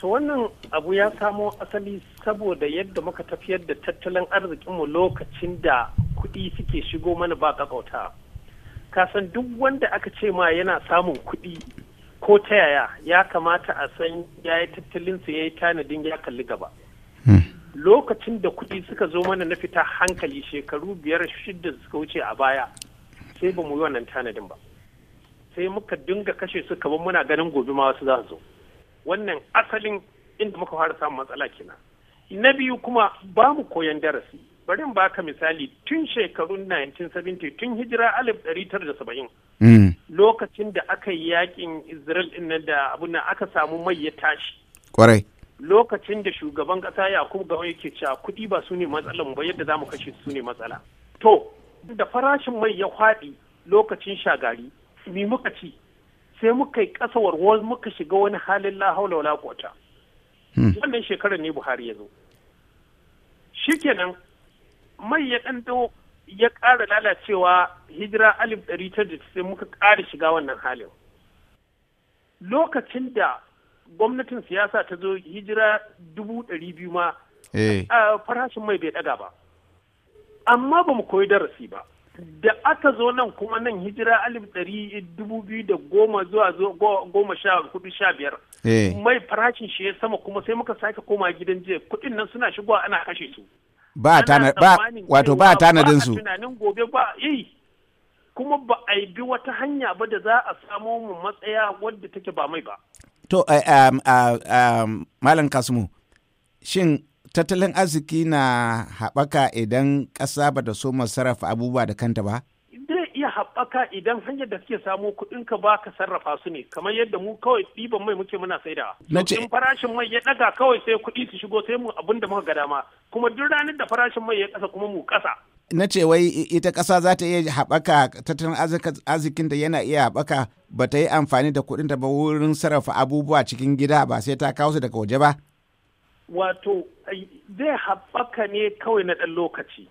to wannan abu ya samo asali saboda yadda muka tafiyar da tattalin arzikinmu lokacin da kuɗi suke shigo mana ba kakauta kasan duk wanda aka ce ma yana samun kuɗi ko ta yaya ya kamata a san ya yi tattalinsa ya yi tanadin ya kalli gaba hmm. lokacin da kuɗi suka zo mana na fita hankali shekaru biyar shidda suka wuce a baya sai ba mu yi wannan tanadin ba sai muka dinga kashe su kamar muna ganin gobe ma wasu za su zo wannan asalin inda muka fara samun matsala kenan na biyu kuma ba mu koyon darasi bari in baka misali tun shekarun 1970 tun hijira alif da saba'in. Hmm. lokacin da aka yi yakin Israel din da abun aka samu mai ya tashi kwarai lokacin da shugaban kasa Yakubu Gaba yake cewa kuɗi ba su ne matsalan ba yadda za mu kashe su ne matsala to da farashin mai ya kwaɗi lokacin shagari mi muka ci sai muka yi ƙasa warwar muka shiga wani halin lahaula wala kota hmm. wannan shekarar ne Buhari ya zo shi kenan mai ya ɗanɗo ya ƙara lalacewa hijira alif ɗari ta sai muka ƙara shiga wannan halin lokacin da gwamnatin siyasa ta zo hijira dubu ɗari biyu ma eh. farashin mai bai ɗaga ba amma ba mu koyi darasi ba da aka zo nan kuma nan hijira alif ɗari dubu biyu da goma zuwa goma sha hudu sha biyar. Eh. Mai farashin shi ya sama kuma sai muka sake koma gidan jiya kuɗin nan suna shigowa ana kashe su. Ba tana ba wato ba a su. Tunanin gobe ba yi eh. kuma ba a bi wata hanya ba da za a samo mu matsaya wadda take ba mai ba. To eh, um, uh, um, Malam Kasumu shin tattalin arziki na haɓaka idan ƙasa ba ta so sarrafa abubuwa da kanta ba? Zai iya haɓaka idan hanyar da suke samo kuɗin ka ba ka sarrafa su ne kamar yadda mu kawai ɗiban mai muke muna saidawa. Na ce. farashin mai ya ɗaga kawai sai kuɗi su shigo sai mu abin da muka ga dama kuma duk ranar da farashin mai ya ƙasa kuma mu ƙasa. Na ce wai ita ƙasa za ta iya haɓaka tattalin da yana iya haɓaka ba ta yi amfani da kuɗin kuɗinta ba wurin sarrafa abubuwa cikin gida ba sai ta kawo su daga waje ba. wato zai haɓaka ne kawai na ɗan lokaci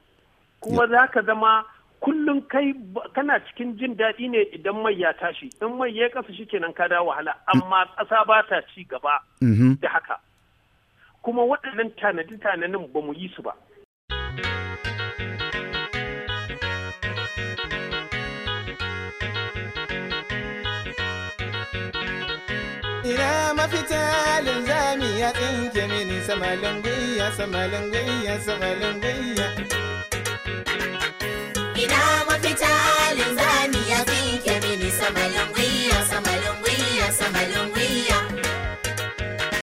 kuma za ka zama kullum kai kana cikin jin daɗi ne idan mai ya tashi in mai ya ƙasa shi kenan ka da wahala amma ƙasa ba ta ci gaba mm-hmm. da haka kuma waɗannan tanadi-tanadin ba mu yi su ba Ina mafita ya tsinke mini samalin gayya samalin gayya samalin gayya